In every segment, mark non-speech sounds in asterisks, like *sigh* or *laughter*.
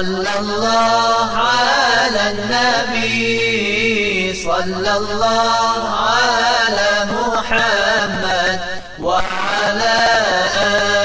صلى الله على النبي صلى الله على محمد وعلى آله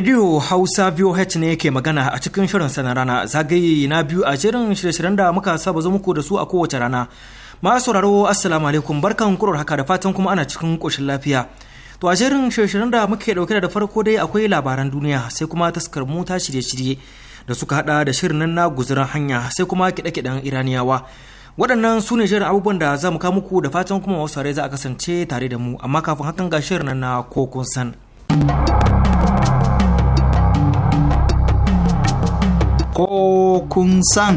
Radio Hausa VOH ne ke magana a cikin shirin sana rana zagaye na biyu a shirin shirye-shiryen da muka saba zo muku da su a kowace rana. masu sauraro Assalamu alaikum barkan kurar haka da fatan kuma ana cikin koshin lafiya. To a shirin shirye-shiryen da muke dauke da farko dai akwai labaran duniya sai kuma taskar mota shirye-shirye da suka hada da shirin nan na guzuran hanya sai kuma kiɗe-kiɗen Iraniyawa. Waɗannan su ne shirin abubuwan da za mu kawo muku da fatan kuma wasu za a kasance tare da mu amma kafin hakan ga shirin nan na kokun san. ko kun san.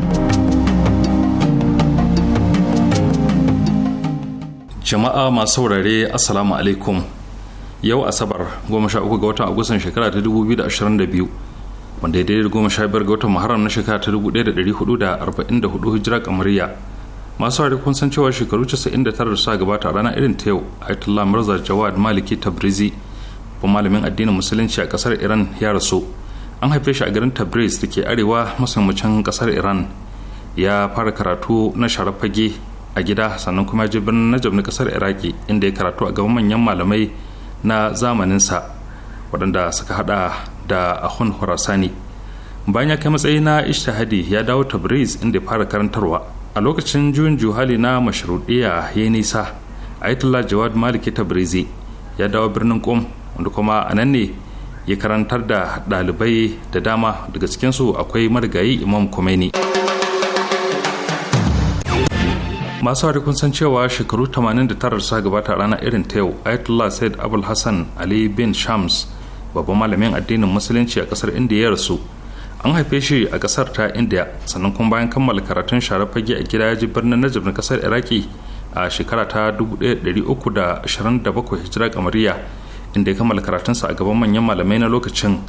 Jama'a masu saurare Assalamu alaikum yau Asabar goma sha uku ga watan Agustan shekara ta dubu biyu da ashirin da biyu wanda ya daidai goma sha biyar ga watan Muharram na shekara ta dubu ɗaya da ɗari da arba'in da hijira kamariya masu saurare kun san cewa shekaru casa'in da tara sa gabata rana irin ta yau Ayatollah Mirza Jawad Maliki Tabrizi ba malamin addinin musulunci a kasar Iran ya rasu. an haife shi a garin tabriz da ke arewa masamucin kasar iran ya fara karatu na sharafage a gida sannan kuma je birnin najab na kasar iraki inda ya karatu a gaban manyan malamai na zamaninsa waɗanda suka hada da ahun horasani bayan ya kai matsayi na ishtahadi ya dawo tabriz inda ya fara karantarwa a lokacin juyin juhali na mashruɗiya ya nisa ayatollah jawad maliki tabrizi ya dawo birnin kum wanda kuma a nan ne ya karantar da ɗalibai da dama daga cikinsu akwai marigayi imam Khomeini. masu hari kun san cewa shekaru 89 sa gabata rana irin ta yau ayatollah said abul hassan ali bin shams babban malamin addinin musulunci a kasar indiya ya rasu an haife shi a kasar ta indiya sannan kuma bayan kammala karatun share fage a gida ya birnin najib na kasar iraki a shekara ta 1327 hijira kamariya inda ya kammala karatunsa a gaban manyan malamai na lokacin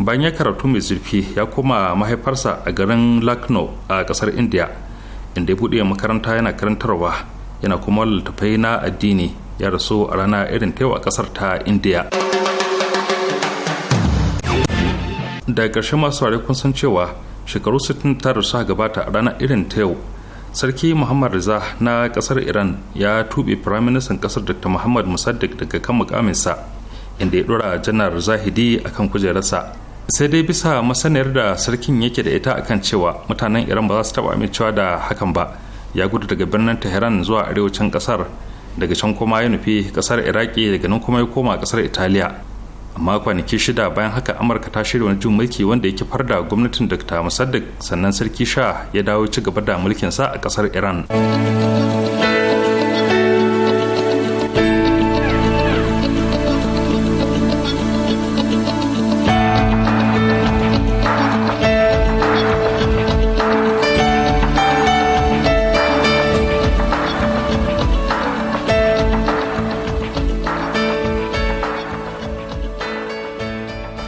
bayan ya karatu mai zurfi ya koma mahaifarsa a garin lakno a kasar india inda ya buɗe makaranta yana karantarwa yana kuma littattafai na addini ya rasu a rana irin ta a kasar ta india daga ƙarshe masu ware kun san cewa shekaru 60 ta rasu a gabata a rana irin ta sarki muhammad riza na kasar iran ya tuɓe firaministan kasar dr muhammad musaddiq daga kan mukaminsa inda ya dora janar zahidi akan kujerarsa sai dai bisa masaniyar da sarkin yake da ita akan cewa mutanen iran ba za su taba amincewa da hakan ba ya gudu daga birnin tehran zuwa arewacin kasar daga can kuma ya nufi kasar iraki daga nan kuma ya koma kasar italiya amma kwanaki shida bayan haka amurka ta shirya wani jin mulki wanda ya kifar da gwamnatin dr musaddik sannan sarki sha ya dawo ci gaba da mulkinsa a kasar iran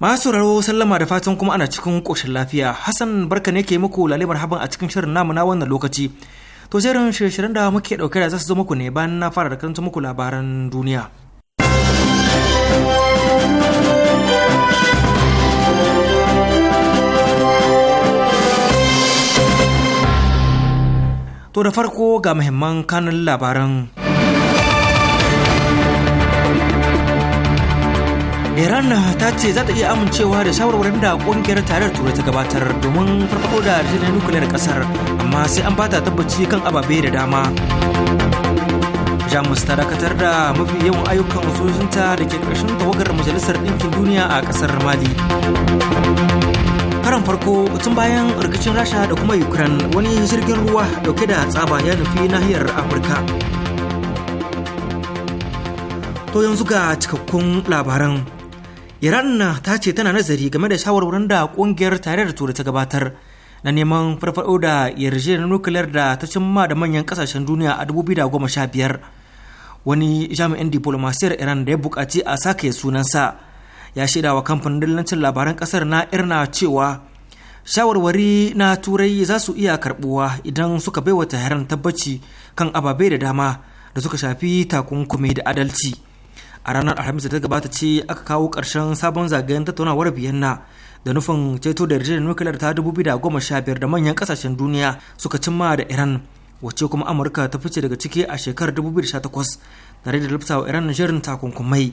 Masu sauraro sallama da fatan kuma ana cikin ƙoshin lafiya. Hassan barka ne ke muku lalimar haban a cikin shirin namu na wannan lokaci. To shirin shirye-shiryen da muke ɗauke da za su zo muku ne bayan na fara da karanta muku labaran duniya. To da farko ga muhimman kanun labaran iran ta ce za ta iya amincewa da shawarwarin da ƙungiyar tarayyar turai ta gabatar domin farfado da shirin nukiliyar ƙasar amma sai an bata tabbaci kan ababe da dama jamus ta dakatar da mafi yawan ayyukan sojojinta da ke ƙarshen tawagar majalisar ɗinkin duniya a ƙasar mali karan farko tun bayan rikicin rasha da kuma ukraine wani jirgin ruwa dauke da tsaba ya nufi nahiyar afirka to yanzu ga cikakkun labaran iran ta ce tana nazari game da shawarwarin da kungiyar tarayyar turai ta gabatar na neman farfado da yarjejeniyar nukiliyar da ta cimma da manyan kasashen duniya a 2015 wani jami'in diplomasiyar iran da ya bukaci a sake sunansa ya shaida wa kamfanin dillancin labaran kasar na irna cewa shawarwari na turai za su iya karbuwa idan suka baiwa taharan tabbaci kan ababe da dama da suka shafi takunkumi da adalci a ranar alhamis da ta gabata ce aka kawo ƙarshen sabon zagayen tattaunawar vienna da nufin ceto da yarjejeniyar nukiliyar ta dubu biyar da manyan kasashen duniya suka cimma da iran wacce kuma amurka ta fice daga ciki a shekarar takwas tare da lafsa wa iran shirin takunkumai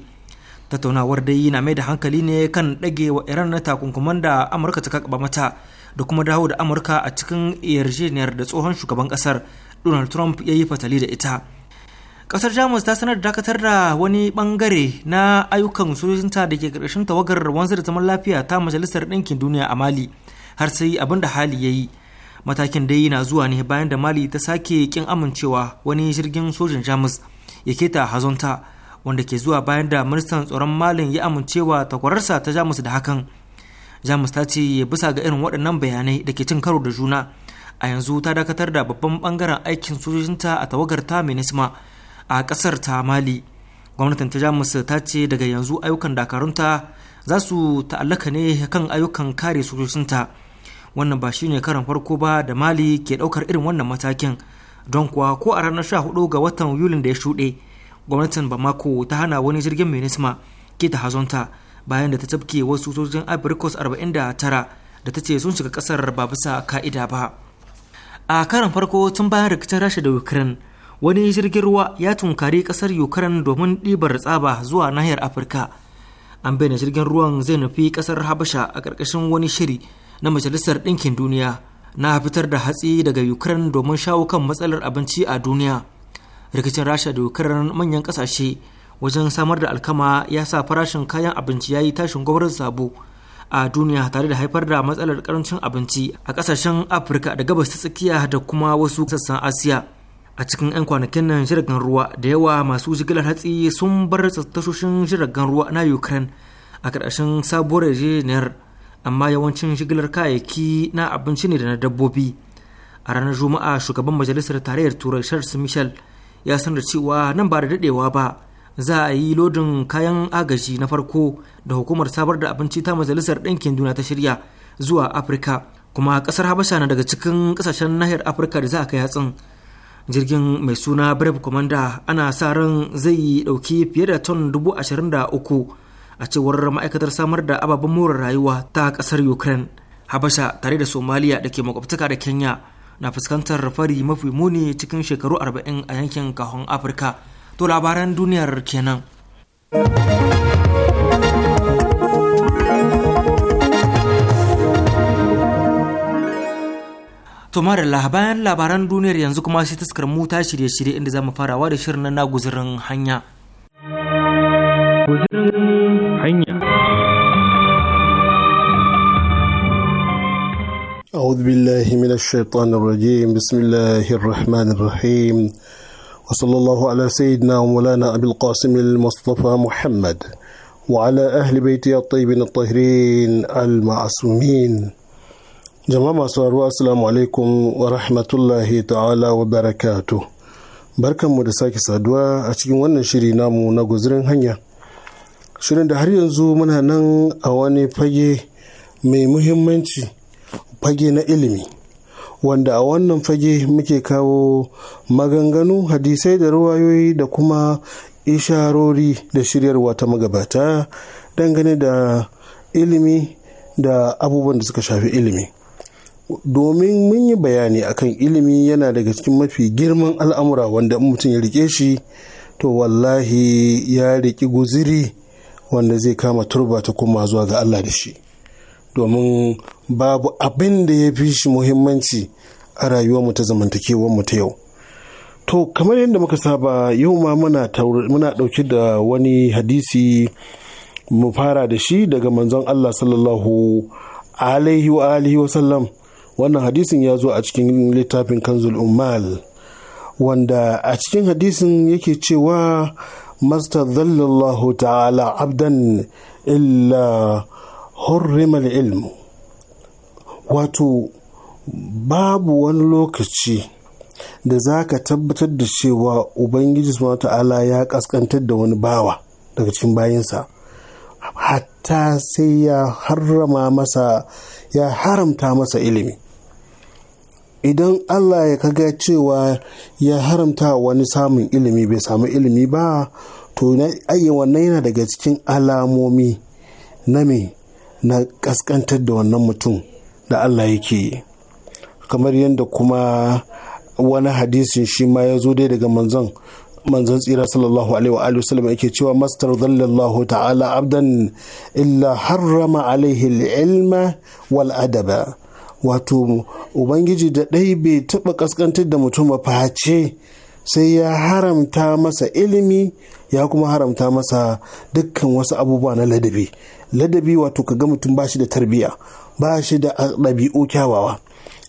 tattaunawar dai na mai da hankali ne kan ɗage wa iran na takunkuman da amurka ta kaɓa mata da kuma dawo da amurka a cikin yarjejeniyar da tsohon shugaban ƙasar donald trump ya yi fatali da ita kasar jamus ta sanar da dakatar da wani bangare na ayyukan sojojinta da ke karkashin tawagar wanzu da zaman lafiya ta majalisar ɗinkin duniya a mali har sai abin da hali ya yi matakin dai na zuwa ne bayan da mali ta sake kin amincewa wani jirgin sojin jamus ya keta hazonta wanda ke zuwa bayan da ministan tsaron malin ya amincewa takwararsa ta jamus da hakan jamus ta ce bisa ga irin waɗannan bayanai da ke cin karo da juna a yanzu ta dakatar da babban bangaren aikin sojojinta a tawagar ta minisma a kasar ta mali gwamnatin ta jamus ta ce daga yanzu ayyukan dakarunta za su ta'allaka ne kan ayyukan kare sojojinta wannan ba shine karan farko ba da mali ke daukar irin wannan matakin don kuwa ko a ranar sha hudu ga watan yulin da ya shuɗe gwamnatin bamako ta hana wani jirgin minisma ke ta hazonta bayan da ta tafke wasu sojojin abirikos 49 da ta ce sun shiga ƙasar ba bisa ka'ida ba a karan farko tun bayan rikicin rasha da ukraine wani jirgin ruwa ya tunkari kasar Yukaran domin ɗibar tsaba zuwa nahiyar afirka an bayyana jirgin ruwan zai nufi kasar habasha a ƙarƙashin wani shiri na majalisar ɗinkin duniya na fitar da hatsi daga ukraine domin shawo kan matsalar abinci a duniya rikicin rasha da ukraine manyan ƙasashe wajen samar da alkama ya sa farashin kayan abinci ya yi tashin gwamnatin sabo a duniya tare da haifar da matsalar karancin abinci a ƙasashen afirka da gabas ta tsakiya da kuma wasu sassan asiya a cikin 'yan kwanakin nan jiragen ruwa da yawa masu jigilar hatsi sun bar tashoshin jiragen ruwa na ukraine a ƙarshen sabuwar yarjejeniyar amma yawancin jigilar kayayyaki na abinci ne da na dabbobi a ranar juma'a shugaban majalisar tarayyar turai charles michel ya sanar cewa nan ba da daɗewa ba za a yi lodin kayan agaji na farko da hukumar sabar da abinci ta majalisar ɗinkin duniya ta shirya zuwa afirka kuma ƙasar habasha na daga cikin ƙasashen nahiyar afirka da za a kai hatsin jirgin mai suna brave commander ana sa ran zai dauki fiye da ton dubu ashirin da uku a cewar ma'aikatar samar da ababen more rayuwa ta kasar ukraine habasha tare da somaliya da ke makwabtaka da kenya na fuskantar fari mafi muni cikin shekaru arba'in a yankin kahon afirka to labaran duniyar kenan To marilla bayan labaran duniyar yanzu kuma sai taskar mu ta shirye-shirye inda zamu farawa da shirin na Guzurin hanya. أعوذ بالله من الشيطان الرجيم بسم الله الرحمن الرحيم وصلى الله على سيدنا ومولانا أبي القاسم المصطفى محمد وعلى أهل بيته الطيبين الطاهرين المعصومين jama'a masu haruwa assalamu alaikum wa rahmatullahi ta'ala wa barakatu barkanmu da sake saduwa a cikin wannan shiri namu na guzurin hanya shirin da har yanzu muna nan a wani fage mai muhimmanci fage na ilimi wanda a wannan fage muke kawo maganganu hadisai da ruwayoyi da kuma isharori da shiryarwa ta magabata dangane da ilimi da abubuwan da suka shafi ilimi domin mun yi bayani akan ilimi yana daga cikin mafi girman al'amura wanda mutum ya rike shi to wallahi ya riki guziri wanda zai kama turba ta koma zuwa ga Allah da shi domin babu abin da ya fi shi muhimmanci a rayuwarmu ta mu ta yau to kamar yadda muka saba yau ma muna ɗauki da wani hadisi mu fara da shi daga manzon Allah sallallahu alaihi wa alihi sallam wannan hadisin ya zo a cikin littafin kanzul umal wanda a cikin hadisin yake cewa zallallahu ta'ala abdan illa hurrimal ilmu wato babu wani lokaci da za ka tabbatar da cewa ubangiji su ta'ala ya kaskantar da wani bawa daga cikin bayansa, hatta sai ya ya haramta masa ilimi idan Allah ya kaga cewa ya haramta wani samun ilimi bai samu ilimi ba to ayyan wannan yana daga cikin alamomi na me na kaskantar da wannan mutum da Allah yake kamar yadda kuma wani hadisin shi ma ya zo dai daga manzon manzon tsira sallallahu alaihi wa alihi wasallam yake cewa mastar zallallahu ta'ala abdan illa harrama alaihi ilma wal adaba wato ubangiji da ɗai bai taɓa ƙasƙantar da mutum ba face sai ya haramta masa ilimi ya kuma haramta masa dukkan wasu abubuwa na ladabi ladabi wato ka ga mutum ba shi da tarbiya ba shi da ɗabi'u kyawawa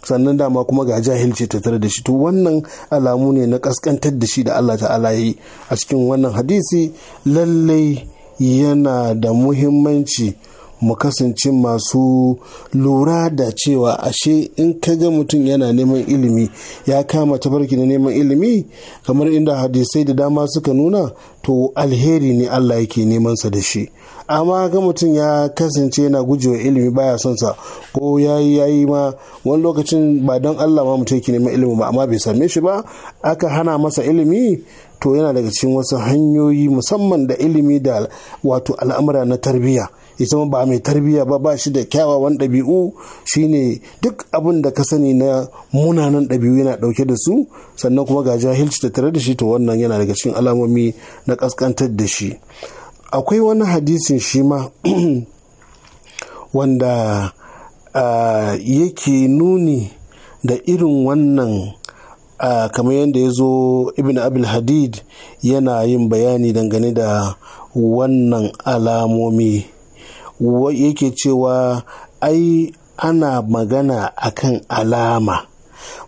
sannan dama kuma ga jahilci tattare da shi to wannan alamu ne na ƙasƙantar da shi da allah ta'ala yi a cikin wannan hadisi lallai yana da muhimmanci mu kasance masu lura da cewa ashe in ka ga mutum yana neman ilimi ya kama tafarki na neman ilimi kamar inda hadisai da dama suka nuna to alheri ne Allah yake neman sa da shi amma ga mutum ya kasance yana gujewa ilimi baya son sa ko yayi yayi ma wani lokacin ba don Allah ma mutum yake neman ilimi ba amma bai same shi ba aka hana masa ilimi to yana daga cikin wasu hanyoyi musamman da ilimi da wato al'amura na tarbiyya ya zama ba mai tarbiyya ba ba shi da kyawawan ɗabi'u shine duk abin da ka sani na munanan ɗabi'u yana ɗauke da su sannan kuma ga jahilci da tare da shi to wannan yana daga cikin alamomi na ƙasƙantar da shi akwai wani hadisin shi ma *clears throat* wanda yake nuni da irin wannan Uh, kamar yadda ya zo ibn abul hadid yana yin bayani dangane da wannan alamomi yake cewa ai ana magana akan alama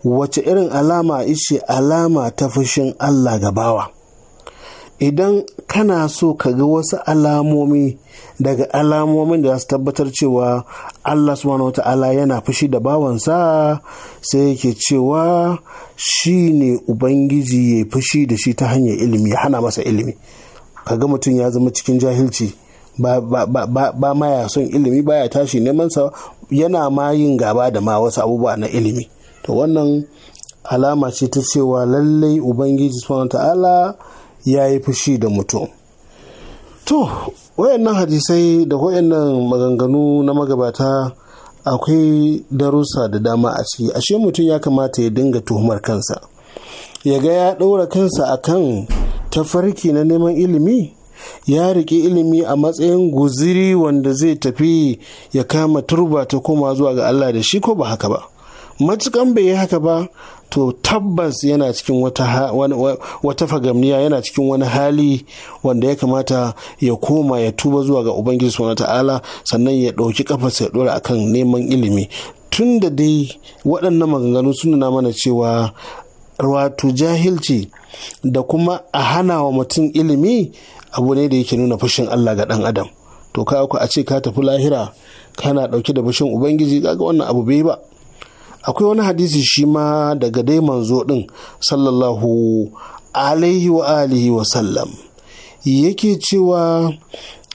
wace irin alama ishe alama ta fushin Allah gabawa idan kana so ka ga wasu alamomi daga alamomin da za su tabbatar cewa Allah subhanahu ta'ala yana fushi da bawansa sai yake cewa shi ne ubangiji ya fushi da shi ta hanyar ilimi ya hana masa ilimi ka ga mutum ya zama cikin jahilci ba ma ya son ilimi ba ya tashi neman sa yana ma yin gaba da ma wasu abubuwa na ilimi to wannan alama ce ta cewa lallai ubangiji subhanahu ta'ala ya yi fushi da mutum to wayannan hadisai da wayannan maganganu na magabata akwai darussa da dama a ciki ashe mutum ya kamata ya dinga tuhumar kansa ya ga ya ɗora kansa akan tafarki na neman ilimi ya riƙe ilimi a matsayin guziri wanda zai tafi ya kama turba ta koma zuwa ga Allah da shi ko ba haka ba matukan bai yi haka ba to tabbas yana cikin wata, wata fagamniya yana cikin wani hali wanda ya kamata ya koma ya tuba zuwa ga ubangiji suna ta'ala sannan ya ɗauki kafarsa ya ɗora akan neman ilimi tun da dai waɗannan maganganu sun nuna mana cewa wato jahilci da kuma a hana wa mutum ilimi abu ne da yake nuna fushin Allah ga ɗan adam to ka ku a ce ka tafi lahira kana ɗauke da fushin ubangiji kaga wannan abu bai ba akwai wani hadisi shi ma daga dai manzo ɗin sallallahu alaihi wa alihi wa sallam yake cewa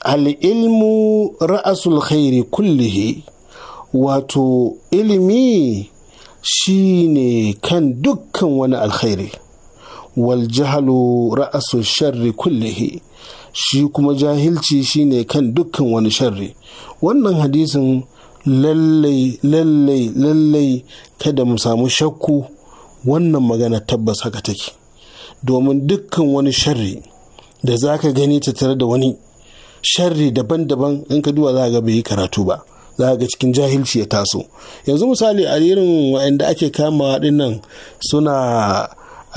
al'ilmu ra'asul khairi kullihi wato ilimi shi ne kan dukkan wani alkhairi wal jahalu ra'asul sharri kullihi shi kuma jahilci shine kan dukkan wani sharri wannan hadisin lallai lallai lallai kada mu samu shakku wannan magana tabbas haka take domin dukkan wani sharri da za ka gani tattare da wani sharri daban-daban in ka duba za ga bai yi karatu ba za ga cikin jahilci ya taso yanzu misali a irin waɗanda ake kamawa nan suna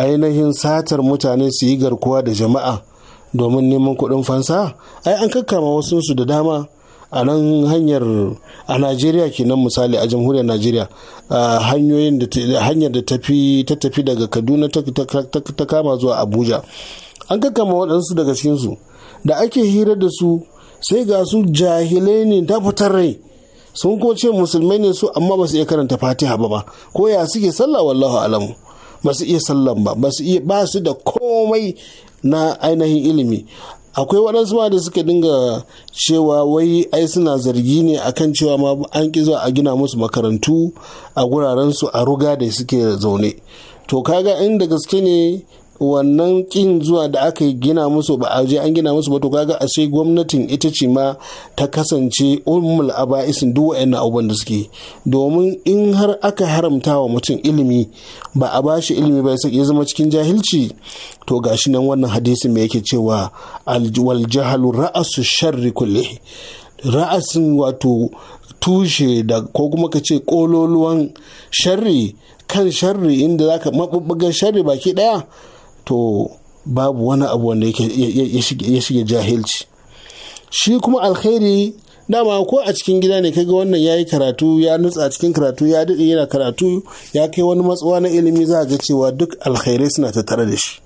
ainihin satar mutane su yi garkuwa da jama'a domin neman kuɗin fansa ai an kakkama wasu da dama a nan hanyar a najeriya kenan misali a jamhuriyar najeriya hanyoyin hanyar da ta tafi daga kaduna ta kama zuwa abuja an kakkama waɗansu daga cikinsu da ake hira da su sai ga su jahilai ne ta fitar rai sun ko musulmai ne su amma ba su iya karanta fatiha ba ba ko ya suke sallah wallahu alamu ba su iya sallan ba ba su da komai na ainihin ilimi akwai waɗansu ma da suka dinga cewa wai ai suna zargi ne akan cewa ma an ƙi zuwa a gina musu makarantu a gurarensu a ruga da suke zaune to kaga inda gaske ne wannan kin zuwa da aka gina musu ba a je an gina musu ba to kaga a sai gwamnatin ita ce ma ta kasance ummul aba'isin duk wa'annan abubuwan da suke domin in har aka haramta wa mutum ilimi ba a bashi ilimi ba ya zama cikin jahilci to gashi nan wannan hadisin mai yake cewa wal jahalu ra'asu sharri kulli ra'asin wato tushe da ko kuma ka ce kololuwan sharri kan sharri inda zaka mabubbugan sharri baki daya to babu wani abu wanda ya shige jahilci shi kuma alkhairi dama ko a cikin gida ne kaga wannan ya yi karatu ya nutsa cikin karatu ya daɗe yana karatu ya kai wani matsuwa na ilimi za ga cewa duk alkhairai suna tattare da shi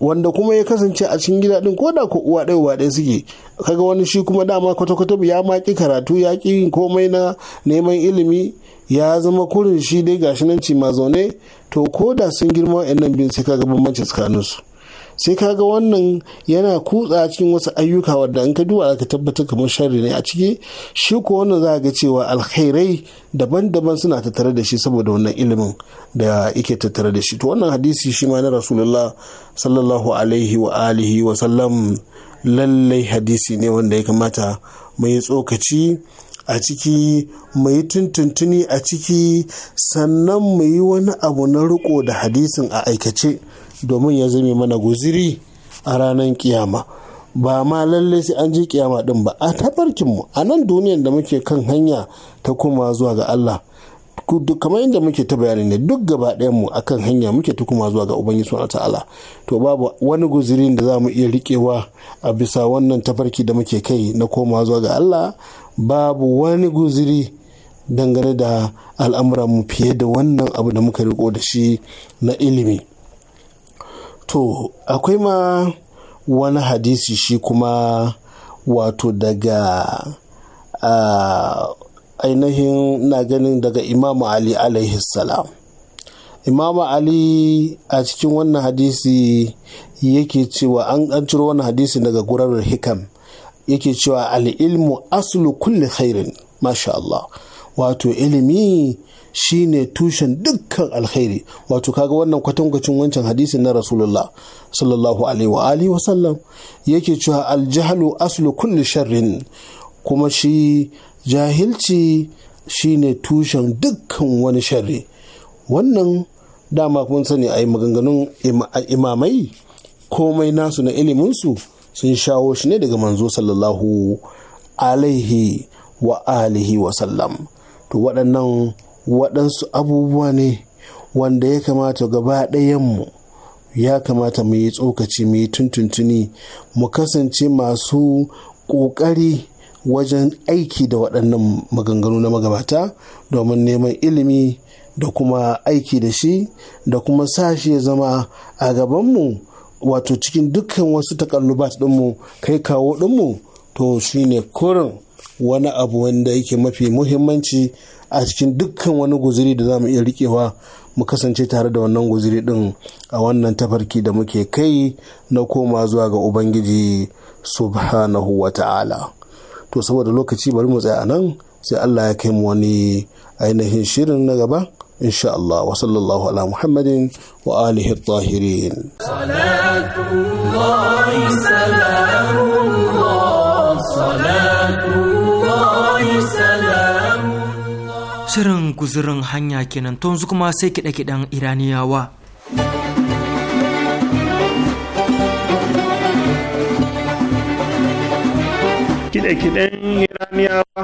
wanda kuma ya kasance a cikin gida din ko da ko uwa ɗaya uwa ɗaya suke kaga wani shi kuma dama kwata-kwata ya maki karatu ya ƙi komai na neman ilimi ya zama kurin shi dai gashi nan ci ma zaune to ko da sun girma nan biyu sai kaga bambanci su sai kaga wannan yana kutsa cikin wasu ayyuka wadda an ka duba ka tabbatar kamar sharri ne a ciki shi ko wannan za ga cewa alkhairai daban-daban suna tattare da shi saboda wannan ilimin da yake tattare da shi to wannan hadisi shi ma na rasulullah sallallahu alaihi wa alihi wa sallam lallai hadisi ne wanda ya kamata mai tsokaci a ciki mu yi tuntuntuni a ciki sannan mu yi wani abu na riko da hadisin a aikace domin ya zame mana guziri a ranar kiyama ba ma lallai sai an je kiyama din ba a tabarkinmu a nan duniyan da muke kan hanya ta kuma zuwa ga Allah kamar yadda muke ta bayani ne duk gaba mu kan hanya muke ta kuma zuwa ga ubangiji subhanahu ta'ala to babu wani guzirin da za mu iya riƙewa a bisa wannan tafarki da muke kai na koma zuwa ga Allah babu wani guziri dangane da al'amuranmu fiye da wannan abu da muka riko da shi na ilimi to akwai ma wani hadisi shi kuma wato daga ainihin na ganin daga imamu ali alaihi salam imamu ali a cikin wannan hadisi yake cewa an ciro wannan hadisi daga gurarar hikam yake cewa al'ilmu asulu kulli khairin masha Allah wato ilimi shine tushen dukkan alkhairi wato kaga wannan kwatankwacin wancan hadisin na rasulullah sallallahu alaihi wa alihi sallam yake cewa aljahalu aslu kulli sharrin kuma shi jahilci shine tushen dukkan wani sharri wannan dama kun sani a yi maganganun imamai komai nasu na iliminsu sun shawo shi ne daga manzo sallallahu alaihi wa alihi wa sallam to waɗannan waɗansu abubuwa ne wanda ya kamata gaba ɗayanmu ya kamata mu yi tsokaci mu yi tuntuntuni mu kasance masu ƙoƙari wajen aiki da waɗannan maganganu na magabata domin neman ilimi da kuma aiki da shi da kuma sashi ya zama a gabanmu wato cikin dukkan wasu takallubat ɗinmu kai kawo ɗinmu to shine koren wani abu wanda yake mafi muhimmanci a cikin dukkan wani guziri da za mu iya rikewa mu kasance tare da wannan guziri din a wannan tafarki da muke kai na koma zuwa ga ubangiji subhanahu wa ta'ala to saboda lokaci bari mu tsaya a nan sai allah ya kai mu wani ainihin shirin na gaba insha Allah wa sallallahu Muhammadin wa alihi tahirin Shirin guzurin hanya kenan to kuma sai kiɗa kiɗan Iraniyawa. kiɗa kiɗan Iraniyawa.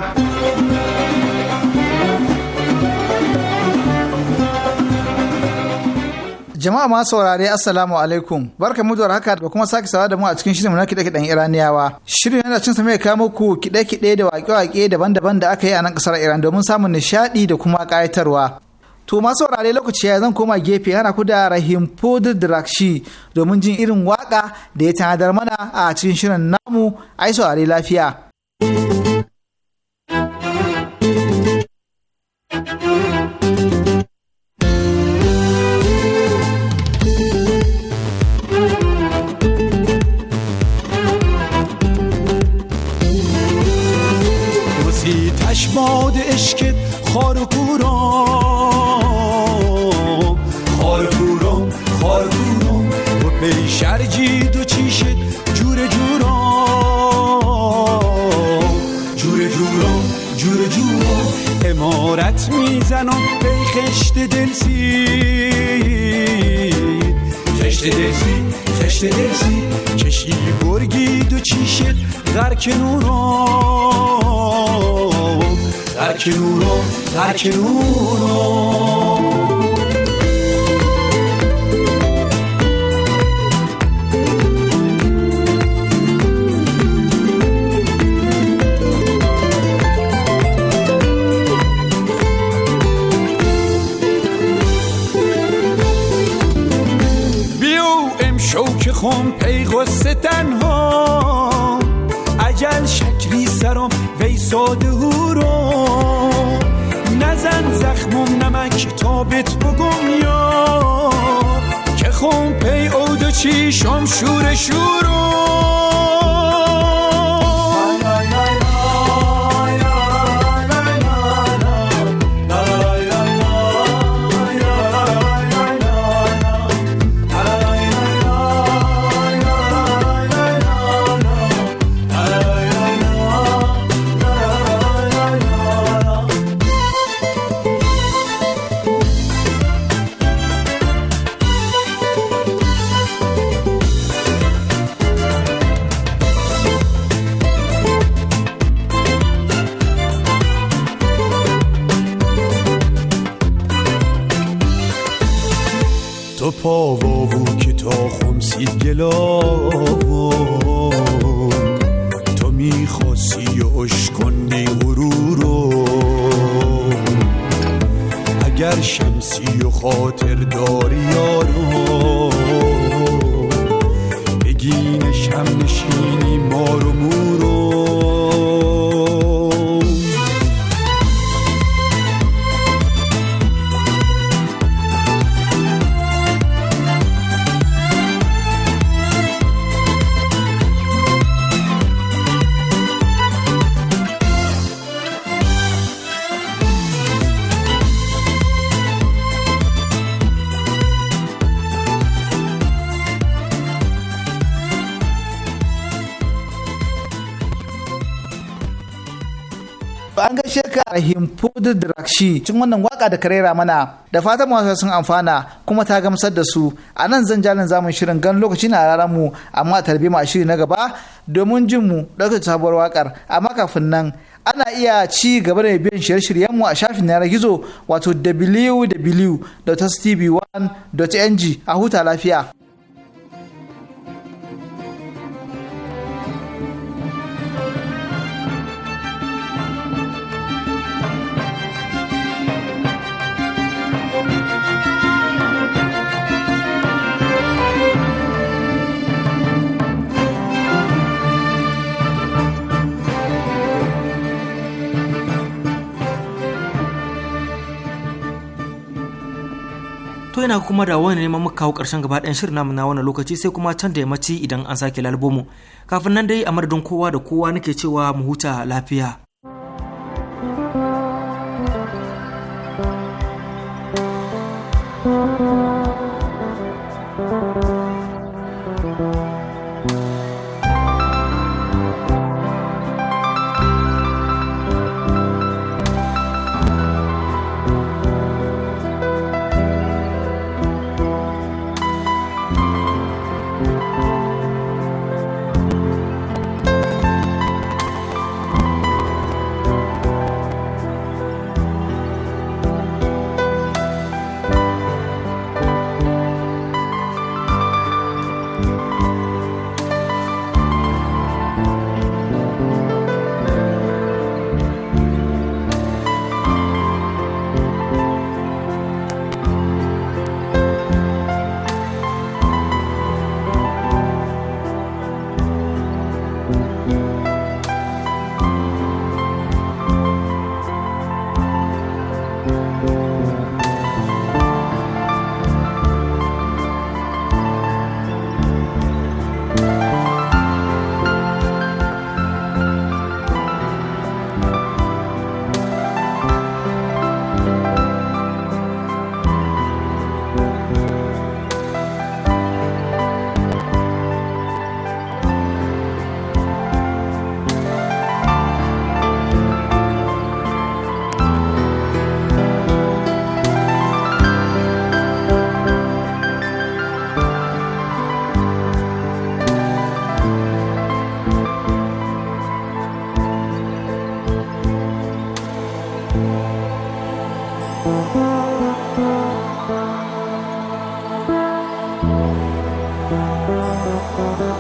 Jama'a ma saurare Assalamu alaikum. Barka mu da haka da kuma sake sawa da mu a cikin shirin na kiɗe kiɗen Iraniyawa. Shirin yana cin sa mai kawo muku kiɗe kiɗe da waƙe waƙe daban-daban da aka yi a nan ƙasar Iran domin samun nishaɗi da kuma ƙayatarwa. To ma saurare lokaci ya zan koma gefe yana ku da Rahim Fod Drakshi domin jin irin waƙa da ya tanadar mana a cikin shirin namu ai saurare lafiya. باد عشق خار و کورم خار و کورم خار و کورم و و چیشت جور جورم جور جورم جور جورم امارت میزنم به خشت دلسی خشت دلسی خشت دلسی کشی برگید و چیشت غرک ترک او رو ترک او رو خم پیغ و ستن میگذرم وی ساده نزن زخمم نمک تابت بگم یا که خون پی چی شام شور شورم تو میخواستی و اشکندی اگر شمسی و خاطر داری یارو rahimfod drakshi cikin wannan waka da karera mana da fatan masu sun amfana kuma ta gamsar da su a nan zan jalin zamun shirin gan lokaci na rarar mu amma tarbi mu a shiri na gaba domin jin mu ɗauke sabuwar wakar amma kafin nan ana iya ci gaba da biyan shirye-shiryen mu a shafin yanar gizo wato www.tv1.ng a huta lafiya. ana kuma da wani neman muka kawo karshen gaba ɗayan shirin namu na wannan lokaci sai kuma can da ya yammaci idan an sake lalbomu kafin nan dai a madadin kowa da kowa nake cewa mu huta lafiya thank you Thank you.